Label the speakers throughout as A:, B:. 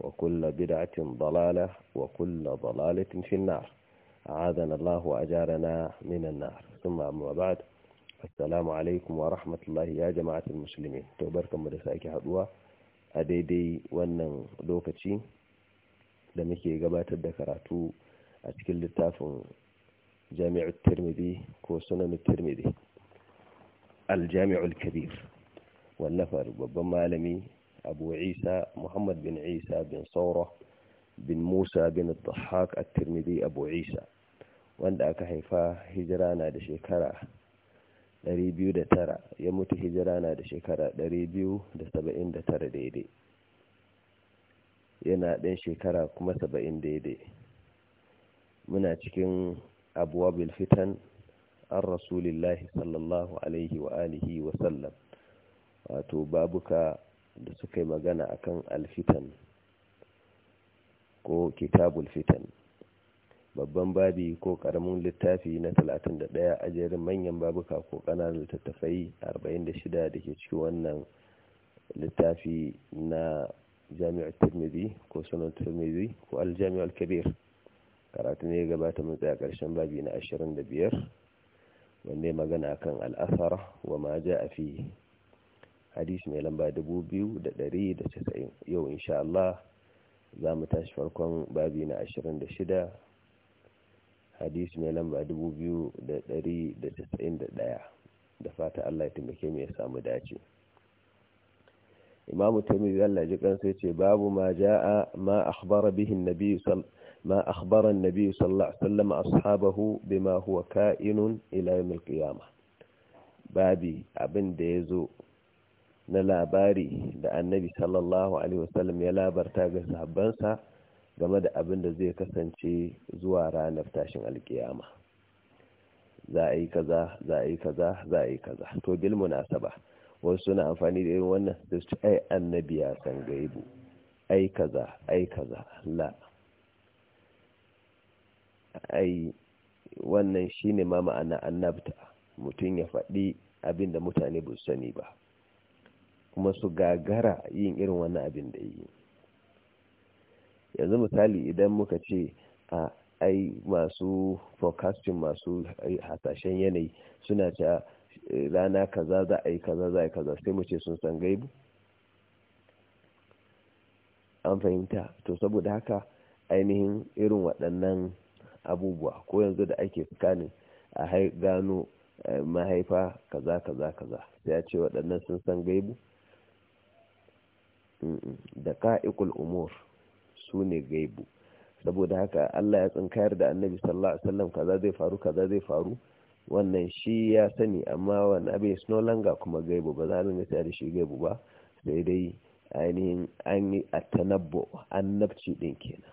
A: وكل بدعة ضلالة وكل ضلالة في النار أعاذنا الله وأجارنا من النار ثم أما بعد السلام عليكم ورحمة الله يا جماعة المسلمين توبركم برسائك هدوة أديدي ونن لوكتشي da muke gabatar da karatu a cikin littafin jami'ar tirmidhi ko sunan tirmidhi al-jami'ul kabir wallafar babban malami أبو Muhammad bin Isa bin بن bin Musa موسى بن الضحاك الترمذي أبو عيسى wanda aka haifa hijira da shekara 209 ya mutu hijira na da shekara 279 daidai yana ɗan shekara kuma 70 daidai muna cikin abuwa bilfitan an rasulillahi sallallahu alaihi wa alihi wa sallam wato babuka da suka yi magana akan alfitan ko kitabul fitan babban babi ko karamin littafi na 31 a jerin manyan babuka ko kananan littattafai 46 da ke cikin wannan littafi na jami'ar turmizi ko sunan turmizi ko aljami'ar kabir karatu ne gabata mun tsaya karshen babi na 25 wanda ya magana kan al'asara wa ma ja a fiye hadisi mai lamba 2,190 yau insha Allah za mu tashi farkon babi na 26 hadisi mai lamba 2,191 da fata Allah ya taimake mu ya samu dace imamu taimiyya Allah ji sai ce babu ma ja'a ma akhbara bihin nabi ما أخبر النبي صلى الله عليه وسلم أصحابه بما هو كائن إلى يوم القيامة babi abin da ya zo na labari da annabi sallallahu alaihi wasallam ya labarta ga sahabbansa game da abin da zai kasance zuwa ranar tashin alkiyama za a yi kaza za a yi kaza za a yi kaza to bil munasaba wasu suna amfani da irin wannan da su ai annabi ya san gaibu ai kaza ai kaza la ai wannan shine ma ma'ana annabta mutum ya faɗi abin da mutane ba su sani ba kuma su gagara yin irin wani abin da yi yanzu misali idan muka ce a ai masu forecasting masu eh, hasashen yanayi suna ce eh, rana kaza za a yi kaza za a yi kaza sai mu ce sun san gaibu an fahimta to saboda haka ainihin irin waɗannan abubuwa ko yanzu da ake tsakanin a gano eh, mahaifa kaza kaza kaza sai ya ce waɗannan sun san gaibu da ka'ikul umur su ne gaibu saboda haka Allah ya tsinkayar da annabi sallallahu alaihi wasallam kaza zai faru kaza zai faru wannan shi ya sani amma wani abin is no longer kuma gaibu ba za a ringa da shi gaibu ba sai dai ainihin an yi atanabbu annabci din kenan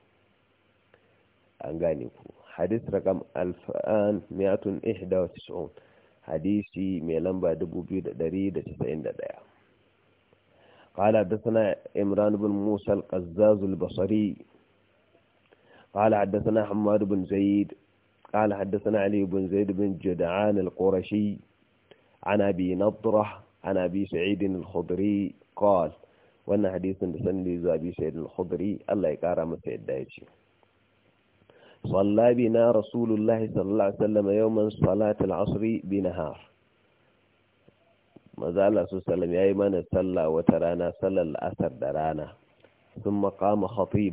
A: an gane ku hadis rakam alfa'an miyatun ihda wa tis'un hadisi mai lamba 2291 قال حدثنا إمران بن موسى القزاز البصري قال حدثنا حماد بن زيد قال حدثنا علي بن زيد بن جدعان القرشي عن أبي نضرة عن أبي سعيد الخضري قال وأن حديث سن أبي سعيد الخضري الله يكرم سيد دايشي صلى بنا رسول الله صلى الله عليه وسلم يوما صلاة العصر بنهار maza Allah su salam ya yi mana sallah wata rana sallar la'asar da rana sun makama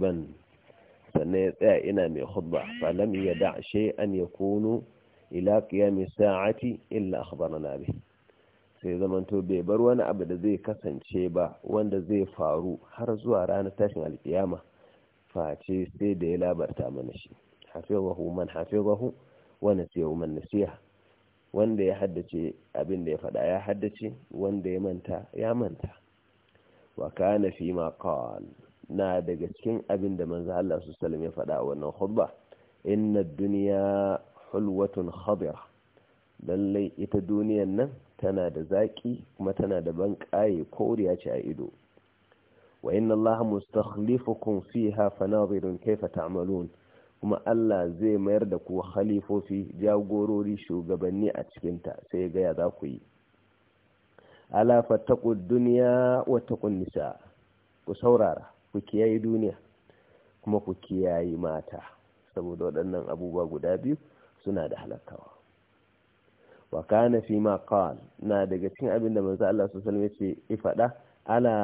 A: ban sannan ya tsaya ina mai khutba falam ya da an ya kunu ila kiyami sa'ati illa na bi sai zamanto bai bar wani abu da zai kasance ba wanda zai faru har zuwa ranar tashin alkiyama face sai da ya labarta mana shi wahu man wani wa man nasiha wanda ya haddace abin da ya faɗa ya haddace wanda ya manta ya manta wa kana fi ma qal na daga cikin abin da manzo Allah su sallam ya faɗa a wannan khutba inna dunya hulwatun khadira lallai ita duniyan nan tana da zaki kuma tana da ban kaye koriya ce a ido wa inna Allah mustakhlifukum fiha fanadhirun kayfa ta'malun kuma Allah zai mayar da ku halifofi jagorori shugabanni a cikinta sai gaya za ku yi ala fattaku duniya wa taqun nisa ku saurara ku kiyaye duniya kuma ku kiyaye mata saboda waɗannan abubuwa guda biyu suna da halakawa wa kana fi ma qal na daga cikin abinda da manzo Allah sallallahu alaihi wasallam ya ce ifada ala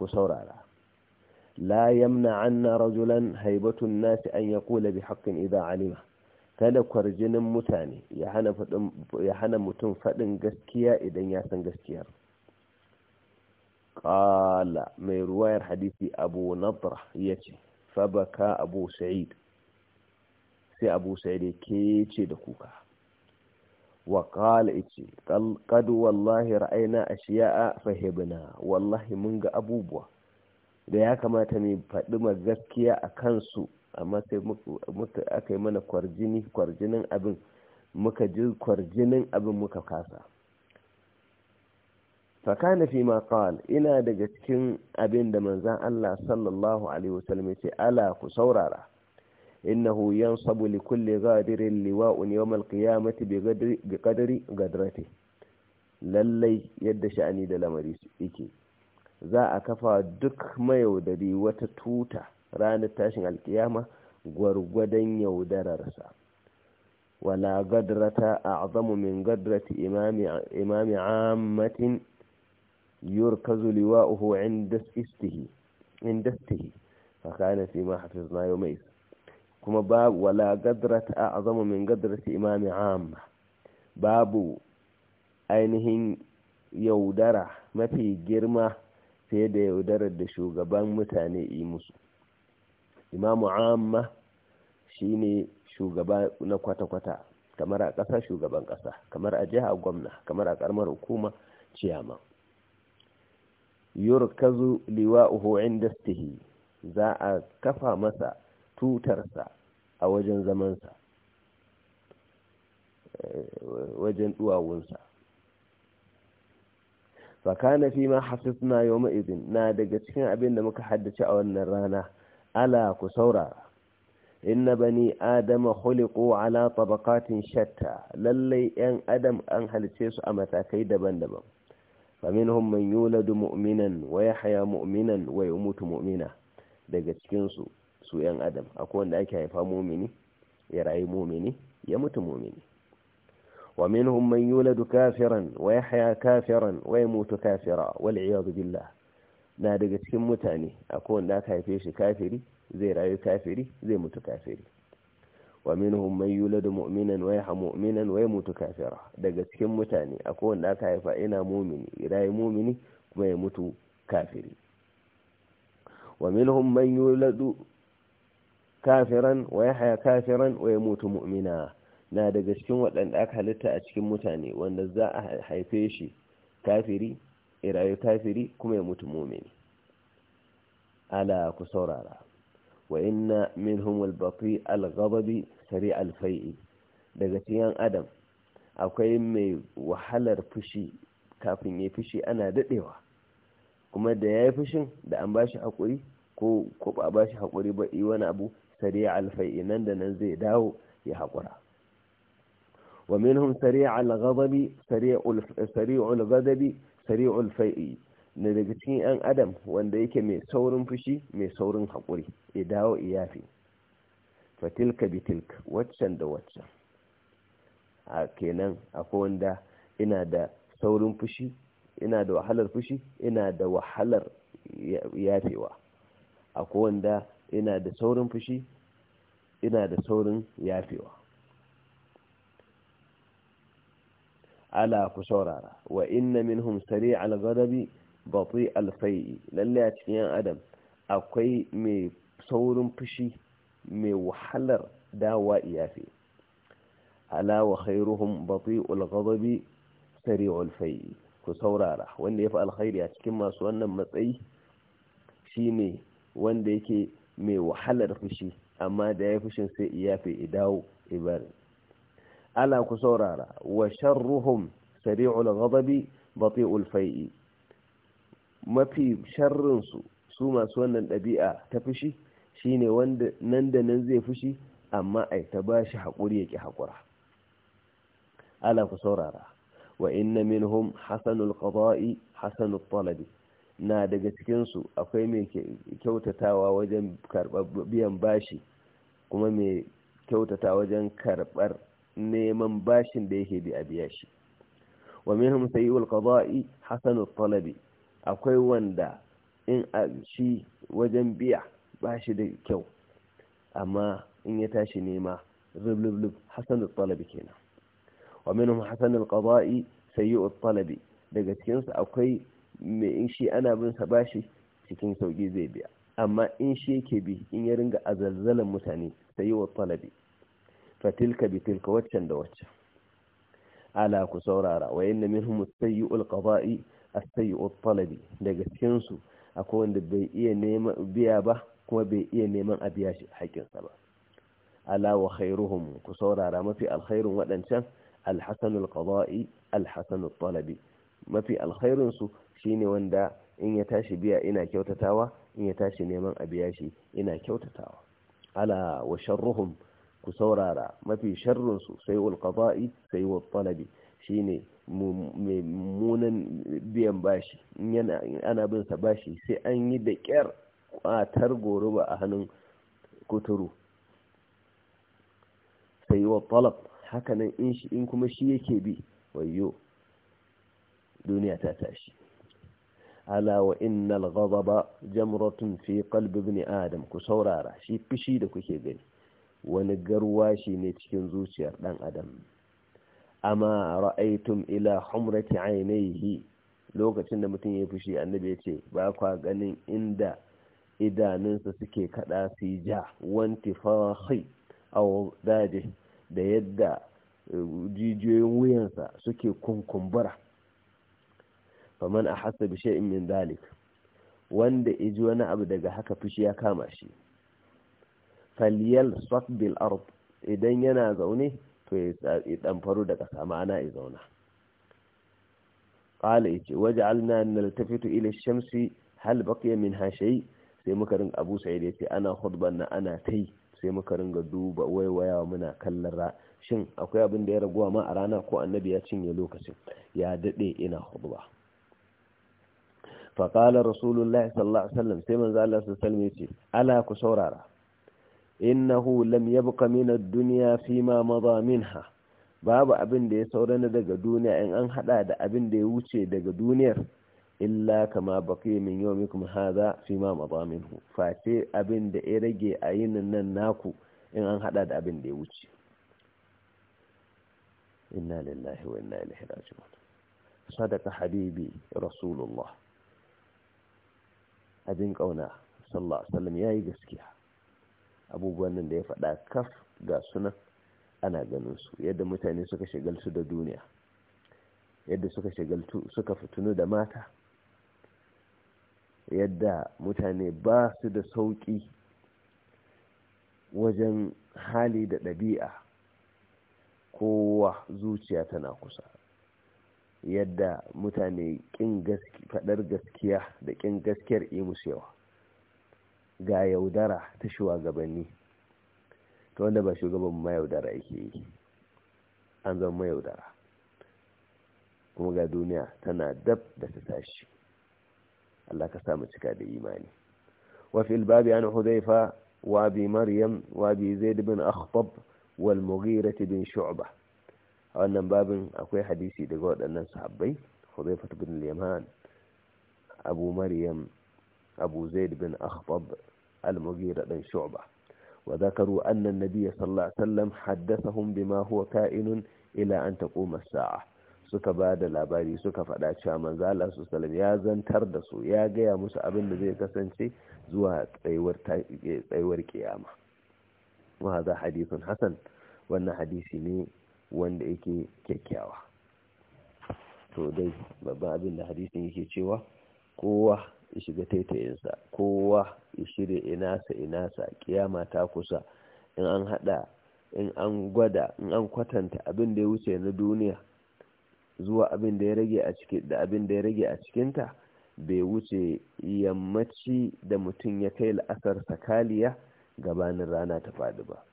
A: ku saurara la yamna'anna rajulan haibatun nasi an yaqula bi haqqin idza alima kada kwarjinin mutane ya hana mutum fadin gaskiya idan ya san gaskiyar ƙala mai ruwayar hadisi abu nadra yace fabaka abu sa'id sai abu sa'id yake ce da kuka wallahi إتي a والله a أشياء wallahi mun ga abubuwa. da ya kamata mu faɗi ma gaskiya a kansu amma sai aka yi mana kwarjini kwarjinin abin muka ji kwarjinin abin muka kasa fakana fi ma qal ina daga cikin abin da manzan Allah sallallahu alaihi wasallam ya ce ala ku saurara innahu yansabu li kulli ghadirin liwa'un yawm al-qiyamati bi qadri lallai yadda sha'ani da lamari yake za a kafa duk mayaudari wata tuta ranar tashin alkiyama gwargwadon yaudararsa wala gadrata a azamu min gadrati imami ammatin zuliwa uhu inda istihi fakana fi ma yau mai kuma babu wala gadrata a azamu min gadrati imami amma babu ainihin yaudara mafi girma sai da yaudarar da shugaban mutane yi musu imamu amma shine shugaba na kwata-kwata kamar a ƙasa shugaban ƙasa kamar a jiha gwamna kamar a ƙarmar hukuma ciyama yurkazu liwa'uhu inda stihi za a kafa masa tutarsa a wajen zamansa eh, wajen duwawunsa fakana fi ma hafifna yawma idin na daga cikin abin da muka haddace a wannan rana ala ku saurara inna bani adama khuliqu ala tabaqatin shatta lallai yan adam an halice su a matakai daban-daban faminhum man yuladu mu'minan wa yahya mu'minan wa yamutu mu'mina daga cikin su su yan adam akwai wanda ake haifa mumini ya rayu mumini ya mutu mumini ومنهم من يولد كافرا ويحيا كافرا ويموت كافرا والعياذ بالله na daga cikin mutane akwai wanda aka haife shi kafiri zai rayu kafiri zai mutu kafiri wa minhum man yuladu mu'minan wa yahya mu'minan wa yamutu kafira daga cikin mutane akwai wanda aka haifa ina mu'mini rayu mu'mini kuma ya mutu kafiri wa minhum man yuladu kafiran wa yahya kafiran wa yamutu mu'mina na daga cikin waɗanda aka halitta a cikin mutane wanda za a haife shi kafiri irayu kafiri kuma ya mutu mumini ala ku saurara wa inna min al-bati al sari alfai'i daga cikin adam akwai mai wahalar fushi kafin ya fushi ana daɗewa kuma da ya yi fushin da an bashi haƙuri ko ba bashi haƙuri ba yi wani abu sari alfai'i nan da nan zai dawo ya haƙura ومنهم سريع الغضب سريع سريع الغضب سريع الفيء ne daga cikin 'yan adam wanda yake mai saurin fushi mai saurin haƙuri ya dawo iyafi fatilka bitilka waccan da waccan a kenan akwai wanda ina da saurin fushi ina da wahalar fushi ina da wahalar yafewa akwai wanda ina da saurin fushi ina da saurin yafewa ala ku saurara wa inna minhum sari al-ghadabi bati al-fai'i lalle a cikin yan adam akwai mai saurin fushi mai wahalar dawa iyafi ala wa khairuhum bati al-ghadabi sari al-fai'i ku saurara wanda yafi alkhairi a cikin masu wannan matsayi shine wanda yake mai wahalar fushi amma da ya fushin sai iyafi idawo ibarin ala ku saurara wa sharruhum sari'ul ghadabi bati'ul fai'i mafi sharrin su masu wannan ɗabi'a ta fushi shine wanda nan da nan zai fushi amma ai ta bashi haƙuri yake hakura. ala ku saurara wa inna minhum hasanul qada'i hasanul talabi na daga cikin su akwai mai kyautatawa wajen biyan bashi kuma mai kyautata wajen karɓar neman bashin da yake bi a biya shi wa minhum sayyul qada'i hasanu talabi akwai wanda in a shi wajen biya bashi da kyau amma in ya tashi nema zulublub hasanu talabi kenan wa minhum al qada'i sayyul talabi daga cikin su akwai me in shi ana bin sa bashi cikin sauki zai biya amma in shi yake bi in ya ringa azalzalan mutane sayyul talabi fatilka bitilka waccan da waccan ala ku saurara wa inna minhum as-sayyi'ul qada'i as talabi daga cikin su akwai wanda bai iya neman biya ba kuma bai iya neman a biya shi sa ba ala wa khairuhum ku saurara mafi alkhairun waɗancan alhasanul qada'i alhasanul talabi mafi alkhairun su shine wanda in ya tashi biya ina kyautatawa in ya tashi neman a shi ina kyautatawa ala wa sharruhum ku saurara mafi sharrin su sai wal qada'i sai wal talabi shine mummunan biyan bashi yana ana bin sa bashi sai an yi da kyar ƙwatar goruba a hannun kuturu sai wa talab hakanan in shi in kuma shi yake bi wayo duniya ta tashi ala wa innal ghadaba jamratun fi qalbi ibn adam ku saurara shi fishi da kuke gani wani garwashi ne cikin zuciyar ɗan adam amma ra'aitum ila humrati ainihi lokacin da mutum ya fushi annabi ya ce ba kwa ganin inda idanunsa suke kada su yi ja wanti fahi aw daje da yadda eh, jijiyoyin wuyansa suke kunkumbura faman a hasa bi shay'in min dalik wanda iji wani abu daga haka fushi ya kama shi faliyal bil ard idan yana zaune to ya damfaru daga sama ana ya zauna qala yace waj'alna naltafitu ila shamsi hal baqiya minha shay sai muka ringa Abu Sa'id yace ana khutban na ana tai sai muka ringa duba waiwayawa muna kallon ra shin akwai abin da ya raguwa ma a rana ko annabi ya cinye lokacin ya dade ina khutba fa qala rasulullahi sallallahu alaihi wasallam sai manzo Allah sallallahu alaihi wasallam yace ala ku saurara innahu lam yabqa min ad-dunya fima madha babu abin da ya saurana daga duniya in an hada da abin da ya wuce daga duniyar illa kama baqi min yawmikum hadha fima madha minhu fate abin da ya rage a yinin nan naku in an hada da abin da ya wuce inna lillahi wa inna ilaihi raji'un sadaqa habibi rasulullah abin kauna sallallahu yayi gaskiya abubuwan nan da ya faɗa kaf ga sunan ana ganin su yadda mutane suka shigaltu da duniya yadda suka shigaltu suka fitunu da mata yadda mutane ba su da sauƙi wajen hali da ɗabi'a kowa zuciya tana kusa yadda mutane ƙin faɗar gaskiya da ƙin gaskiyar imus yawa ga yaudara ta shugabanni ta wanda ba shugaban ma yaudara yake yi an zama yaudara kuma ga duniya tana dab da ta tashi Allah ka samu cika da imani wafi ilbabi an hudaifa wa bi maryam wa bi zaid bin akhtab wal mughira bin shu'ba a wannan babin akwai hadisi daga waɗannan sahabbai hudaifa bin al-yaman abu maryam abu zaid bin akhtab المغيرة بن شعبة وذكروا أن النبي صلى الله عليه وسلم حدثهم بما هو كائن إلى أن تقوم الساعة suka ba da labari suka faɗa cewa maza su salam ya zantar da su ya gaya musu abin da zai kasance zuwa tsayuwar kiyama wa za hadisun hasan wannan hadisi ne wanda yake kyakkyawa to dai babban abin da hadisin yake cewa kowa ya shiga taitayinsa kowa ya shirya inasa inasa kiyama ta kusa in an hada in an gwada in an kwatanta abin da ya wuce na duniya zuwa abin da ya rage a cikin da abin da ya rage a cikinta bai wuce yammaci da mutum ya kai la'asar sakaliya gabanin rana ta faɗi ba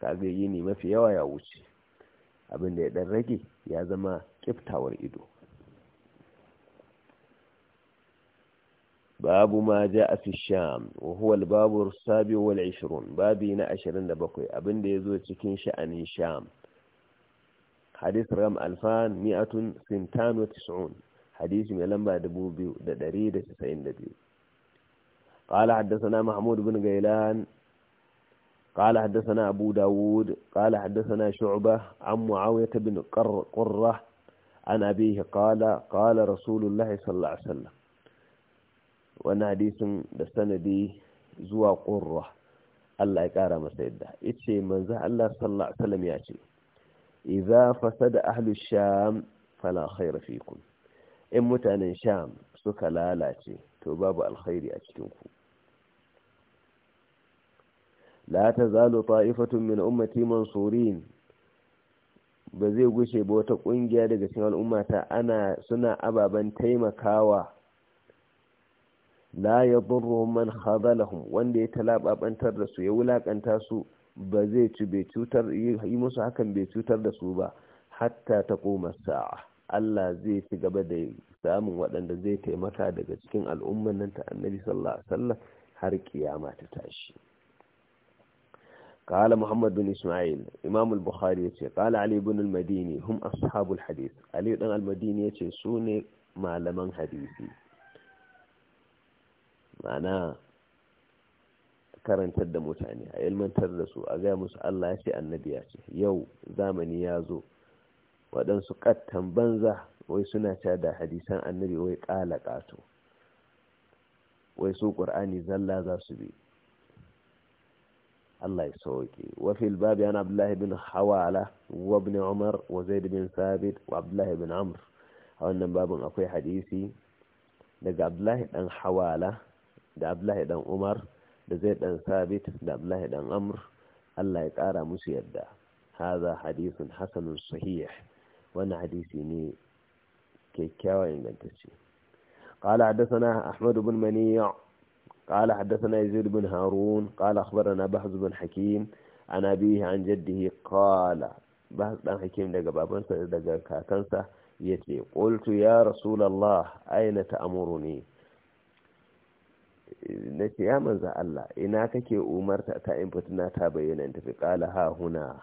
A: kaga yini mafi yawa ya wuce abin da ya dan rage ya zama kiftawar ido باب ما جاء في الشام وهو الباب السابع والعشرون بابي نا عشرين أبن ديزو يزوي تكين شأن الشام حديث رقم ألفان مئة سنتان وتسعون حديث ملما دبو بيو دريد تسعين دبيو قال حدثنا محمود بن غيلان قال حدثنا أبو داود قال حدثنا شعبة عن معاوية بن قرة عن أبيه قال قال رسول الله صلى الله عليه وسلم wani hadisin da sanadi zuwa ƙurra Allah ya ƙara masa yadda yace manzan Allah sallallahu alaihi wasallam ya ce fasa da ahlu sham fala khayra fikun in mutanen sham suka lalace to babu alkhairi a cikin ku ta zalo ta'ifatun min ummati mansurin ba zai gushe ba wata ƙungiya daga cikin al'ummata suna ababen taimakawa la ya burro man khazalahum wanda ya talababantar da su ya wulakanta su ba zai ci bai cutar yi musu hakan bai cutar da su ba hatta ta koma sa'a Allah zai ci gaba da samun waɗanda zai taimaka daga cikin al'umman nan ta annabi sallallahu alaihi wasallam har kiyama ta tashi قال محمد بن إسماعيل إمام البخاري يتي قال علي بن المديني هم أصحاب الحديث علي بن المديني يتي سوني malaman حديثي ma'ana karantar da mutane a ilmantar da su a gaya musu Allah ya ce annabi ya ce yau zamani ya zo waɗansu ƙattan banza wai suna ta da hadisan annabi wai ƙala ƙato wai su ƙur'ani zalla za su bi Allah ya sauke wafi babi an abdullahi bin hawala wa ibn umar wa zaid bin sabit wa abdullahi bin amr a wannan babin akwai hadisi daga abdullahi dan hawala da abdullahi dan umar da zai dan sabit da abdullahi dan amr Allah ya ƙara musu yadda haza hadisun hasanun sahih wani hadisi ne kyakkyawa ingantacce قال حدثنا أحمد بن منيع قال حدثنا يزيد بن هارون قال أخبرنا بحث بن حكيم عن أبيه عن جده قال بحث بن حكيم دقى بابنسا دقى قلت يا رسول الله أين تأمرني na ce ya manza Allah ina kake umarta ta in fitina ta bayyana ta fi kala ha huna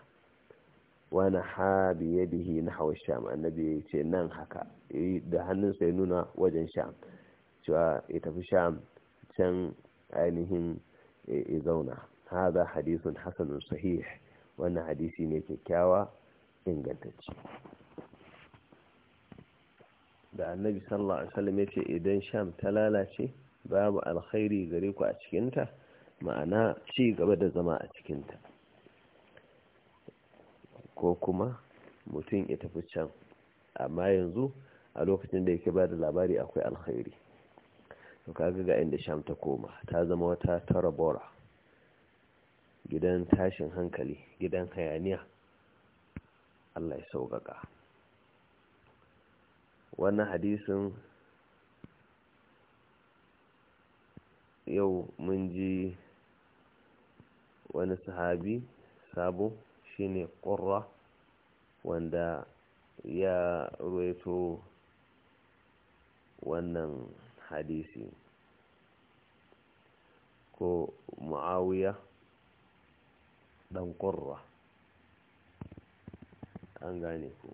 A: wani ha biye bihi na hawa sham annabi ya ce nan haka eh, da hannun sai nuna wajen sham cewa ya tafi sham can ainihin ya zauna za hadisun hasanun sahih wannan hadisi ne kyakkyawa ingantacce da annabi sallallahu alaihi wasallam ya ce idan sham ta lalace babu alkhairi gare ku a cikinta ma'ana ci gaba da zama a cikinta ko kuma mutum ya tafi can amma yanzu a lokacin da yake ba da labari akwai alkhairi to ka ga inda sham ta koma ta zama wata tarabora gidan tashin hankali gidan hayaniya Allah ya sauƙaƙa wannan hadisin yau mun ji wani sahabi sabo shine ƙurra wanda ya roito wannan hadisi ko ma'awiya ɗan ƙurra an gane ku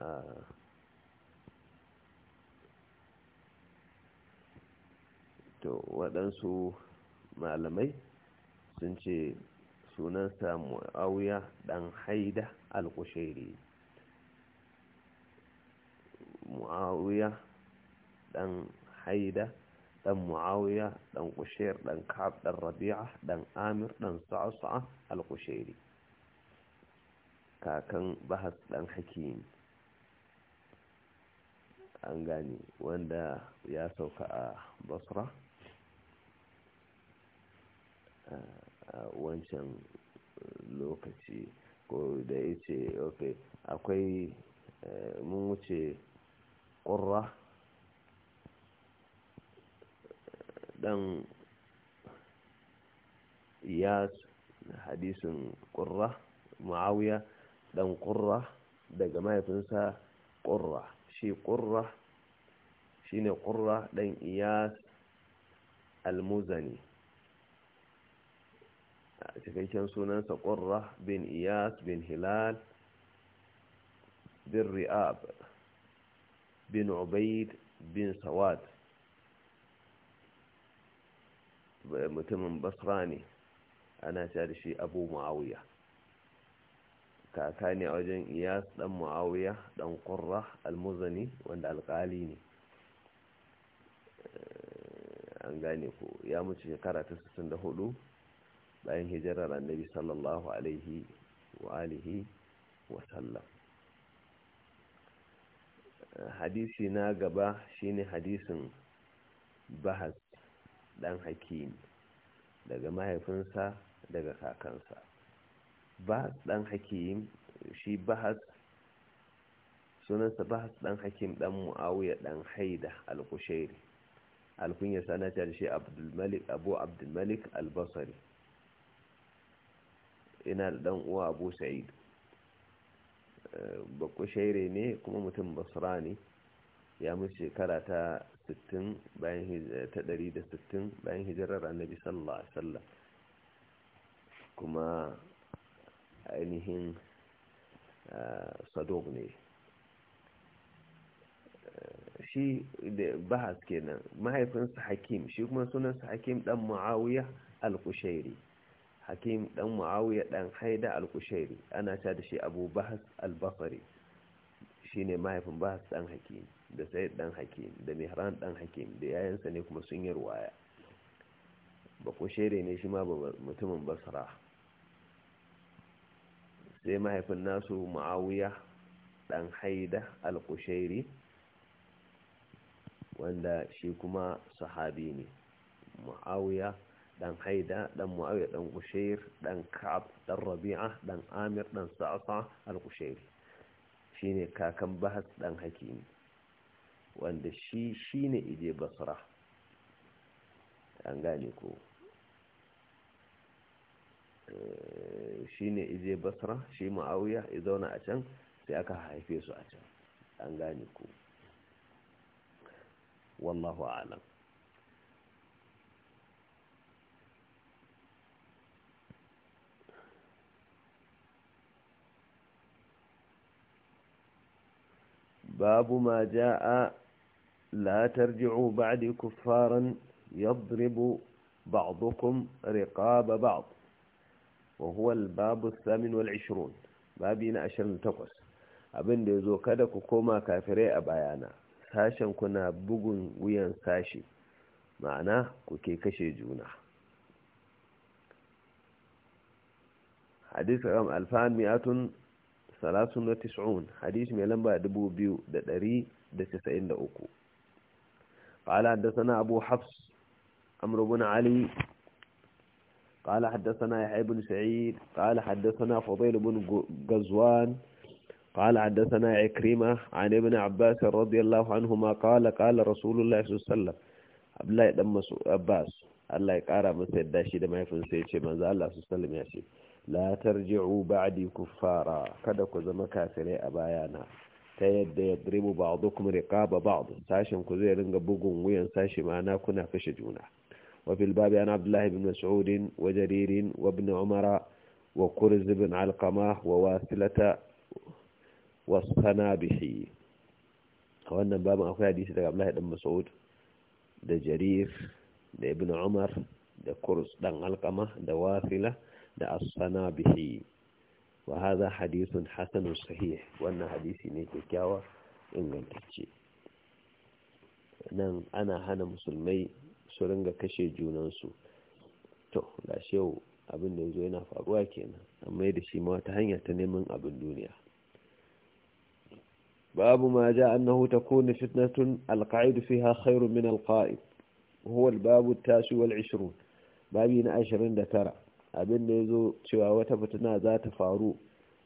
A: uh to waɗansu malamai sun ce sunansa mu'awiya ɗan haida al-kushairi mu'awiya ɗan haida ɗan mu'awiya ɗan kushair ɗan ka'ab ɗan rabi'a ɗan amir ɗan sa'asa'a al-kushairi kakan bahas ɗan hakim an gani wanda ya sauka a basra wancan lokaci ko da ya ce ok akwai e, mun wuce ƙurra ɗan iyas hadisin ƙurra ma'awiya ɗan ƙurra daga mahaifinsa ƙurra shi ƙurra shi ne ƙurra ɗan iyas almuzani cikakken sunansa ƙurra bin iyas bin hilal bin ri'ab bin ubaid bin sawad mutumin basra ne ana cewa shi abu muawiya kaka ne a wajen iyas dan muawiya dan qurra almuzani wanda alkali ne eh, an gane ko ya mutu shekara ta 64 bayan hijirar annabi sallallahu alaihi wa alihi wa sallam hadisi na gaba shine hadisin bahas dan hakim daga mahaifinsa daga kakansa bahas dan hakim shi bahas sunansa bahas dan hakim dan muawiya dan haida al-kushairi al-kunya tare shi malik abu al-basri yana da dan uwa abu sa'id eh, bakku shaire ne kuma mutum basra ne ya mutu shekara ta 60 bayan eh, ta 160 bayan hijirar annabi sallallahu alaihi wasallam kuma ainihin eh, sadok ne shi da bahas kenan mahaifinsa hakim shi kuma sunansa hakim dan muawiya al-kushairi hakim dan muawiya dan haida al-kushairi ana ta da shi abu bahas al-basri shine mahaifin bahas dan hakim da sayyid dan hakim da mihran dan hakim da yayansa ne kuma sun yi ruwaya ba kushairi ne shi ma mutumin basra sai mahaifin nasu muawiya dan haida al-kushairi wanda shi kuma sahabi ne muawiya dan haida dan muawiya dan kushair dan ka'ab dan rabi'a dan amir dan sa'sa al-kushairi shine kakan bahas dan hakimi wanda shi shine ije basra an gane ko eh, shine ije basra shi muawiya ya zauna a can sai aka haife su a can an gane ko wallahu a'lam باب ما جاء لا ترجعوا بعد كفارا يضرب بعضكم رقاب بعض وهو الباب الثامن والعشرون بابين أشر التقص أبن ديزو كده كوما كافري أبايانا ساشا كنا بغن ويان ساشي معنى كوكي كشي جونا حديث رقم ألفان مئة salasun tis'un hadis mai lamba dubu biyu da ɗari da tasa'in da uku ƙala haddasa abu hafs amurubun ali ƙala haddasa na sa'id ƙala haddasa na fobail bin gazwan ƙala haddasa na ya krima a abbas radiyallahu an huma ƙala ƙala rasulullah su sallam abdullahi masu abbas allah ya kara masa yadda shi da mahaifinsa ya ce manzo allah su ya ce la tarji'u ba'di kuffara kada ku zama kafire a bayana ta yadda ya dribu ba'dukum riqaba ba'd sashin ku zai ringa bugun wuyan sashi ma'ana kuna kashe juna wa fil babi an Abdullahi bin mas'ud wa jarir wa ibn umara wa qurz bin alqama wa wasilata wa sanabihi wannan babin akwai hadisi daga Abdullahi bin mas'ud da jarir da ibn umar da kurz dan alqama da wasila da asana bihi wa hadha hadithun hasanun sahih wannan hadisi ne kyakkyawa ingantacce nan ana hana musulmai su ringa kashe junansu to lashe abin da yazo yana faruwa kenan amma da shi ma wata hanyar ta neman abin duniya babu ma ja annahu takunu fitnatun alqa'id fiha khairun min alqa'id huwa albabu at-tasi wal 20 babi na 29 abin da ya zo cewa wata fitina za ta faru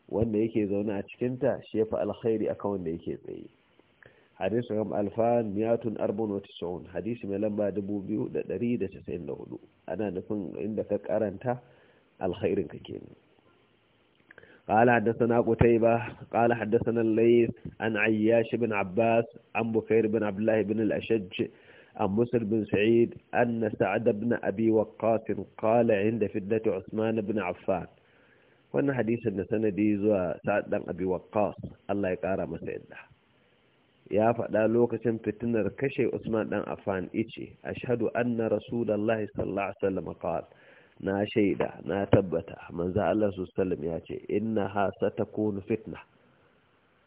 A: wanda yake zaune a cikinta shi ya fi alkhairi a kan wanda yake tsaye hadisun ram alfan miyatun arbon wata sa'un hadisi mai lamba 2,194 ana nufin inda ka karanta alkhairin ka ke. na قال حدثنا قتيبة قال حدثنا الليث عن عياش بن عباس عن بكير بن عبد الله بن الأشج عن مسلم بن سعيد أن سعد بن أبي وقاص قال عند فدة عثمان بن عفان وأن حديث النسنة دي زوى سعد بن أبي وقاص الله يقارى مسعده يا فدا لوكacin fitinar kashe Usman dan Affan yace ashhadu anna rasulullahi sallallahu alaihi wasallam qala na shaida na tabbata manza Allah sallallahu alaihi wasallam yace innaha satakunu fitna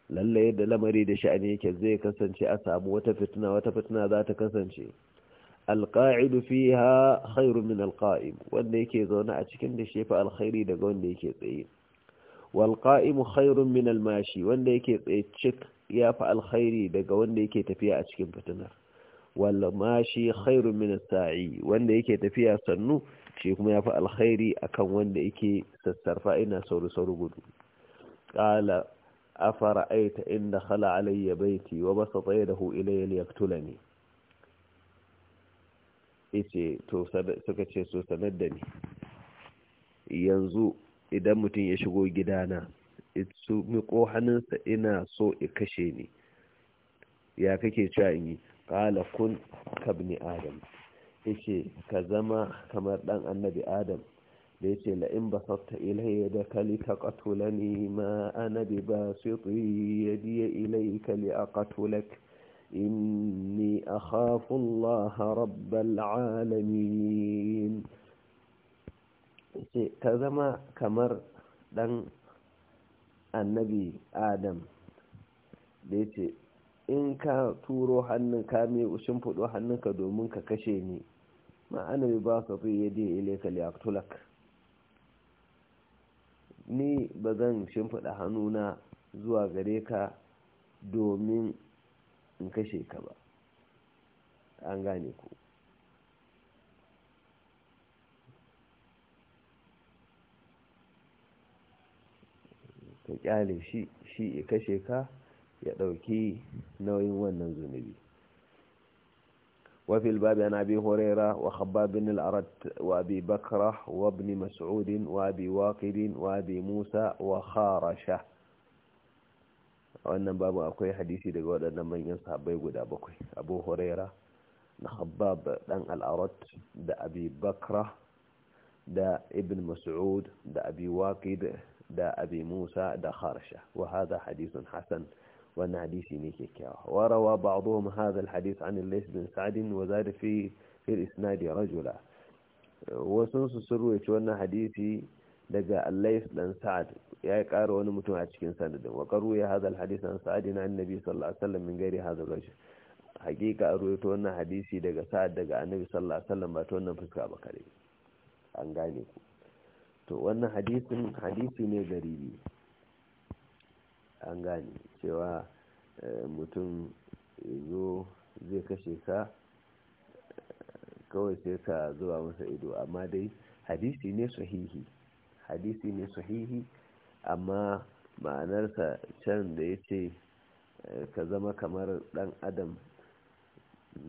A: lalle yadda lamari da sha'ani yake zai kasance a samu wata fitina wata fitina za ta kasance alqa'idu fiha khairu min alqa'im wanda yake zaune a cikin da shefa alkhairi daga wanda yake tsaye wal qa'imu min almashi wanda yake tsaye cik ya fa alkhairi daga wanda yake tafiya a cikin fitina walmashi mashi khairun min sai wanda yake tafiya sannu shi kuma ya fi alkhairi akan wanda yake sassarfa ina sauri-sauri gudu ƙala أفرأيت إن دخل علي بيتي ya يده إلي ليقتلني ice to suka ce so sanar da ni yanzu idan mutum ya shigo gidana su miƙo hannunsa ina so in kashe ni ya kake cewa in ƙala kun kabni adam ice ka zama kamar ɗan annabi adam da ya ce la'in ba sabta ilai da kali ta ƙatula ne ma anabi ba su yi ya diya ilai kali a ƙatulak inni a hafun laha rabbal alamin ka zama kamar ɗan annabi adam da ya ce in ka turo hannun ka mai ushin fudo hannunka domin ka kashe ni ma anabi ba ka zai yadda ilai ile ka liyaktulak ni ba zan shimfiɗa hannuna zuwa gare ka domin in kashe ka ba an gane ku ka kyale shi shi ya kashe ka ya ɗauki nauyin wannan zunubi وفي الباب عن أبي هريرة وخباب بن الأرد وأبي بكرة وابن مسعود وأبي واقد وأبي موسى وخارشة وأن باب أقوي حديثي لقول أن من ينصح بيقود أبوكي أبو هريرة نخباب بن الأرد دا أبي بكرة دا ابن مسعود دا أبي واقد دا أبي موسى دا خارشة وهذا حديث حسن wannan hadisi ne kyakkyawa warawa ba a ba'dhum hadha alhadith an al-lays bin sa'adin wa da fi fi isnad rajula wasu su surwaye wannan hadisi daga al dan sa'ad ya yi ƙara wani mutum a cikin sanadin wa qaru ya hadha alhadith an sa'd an annabi sallallahu alaihi wasallam min ghairi hadha rajul hakika a ruwaito wannan hadisi daga sa'ad daga annabi sallallahu alaihi wasallam ba ta wannan fuska ba kare an gane ku to wannan hadisin hadisi ne garibi an gane cewa eh, mutum zo zai kashe ka kawai sai ka zuwa masa ido amma dai hadisi ne sahihi hadisi ne sahihi amma ma'anarsa can da ya ce eh, ka zama kamar dan adam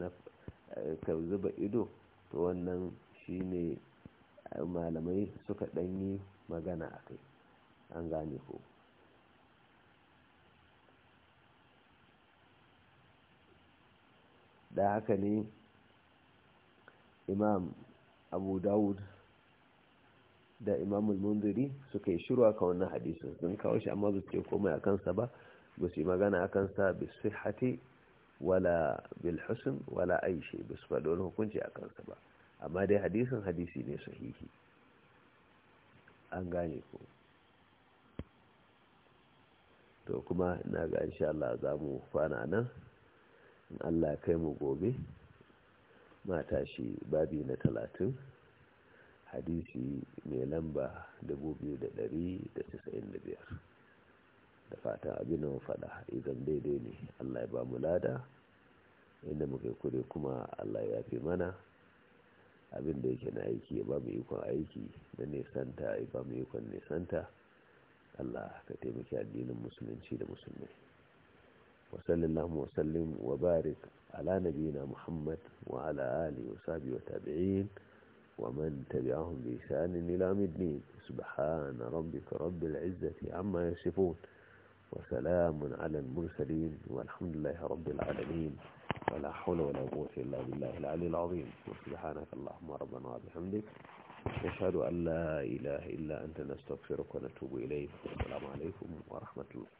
A: eh, ka zuba ido to wannan shi ne malamai suka ɗanyi magana a kai an gane ko da haka ne imam abu dawud da imam al-mundiri suka yi shiru ka wannan hadisin sun kawo shi amma su komai a kansa ba ba su yi magana a kansa bi sihhati wala bil husn wala aishi ba su faɗo hukunci a kansa ba amma dai hadisin hadisi ne sahihi an gane ko to kuma ina ga insha Allah za mu fana nan in Allah ya kai mu gobe mata shi babi na talatin hadisi mai lamba da da da biyar. da fata abin da faɗa idan daidai ne Allah ya ba mu lada inda muka kure kuma Allah ya fi mana abin da yake na aiki ya ba mu ikon aiki da nisanta ya ba mu ikon nisanta Allah ka taimaki addinin musulunci da musulmai وصل اللهم وسلم وبارك على نبينا محمد وعلى آله وصحبه وتابعين ومن تبعهم بإحسان إلى الدين سبحان ربك رب العزة عما يصفون وسلام على المرسلين والحمد لله رب العالمين ولا حول ولا قوة إلا بالله العلي العظيم وسبحانك اللهم ربنا وبحمدك نشهد أن لا إله إلا أنت نستغفرك ونتوب إليك والسلام عليكم ورحمة الله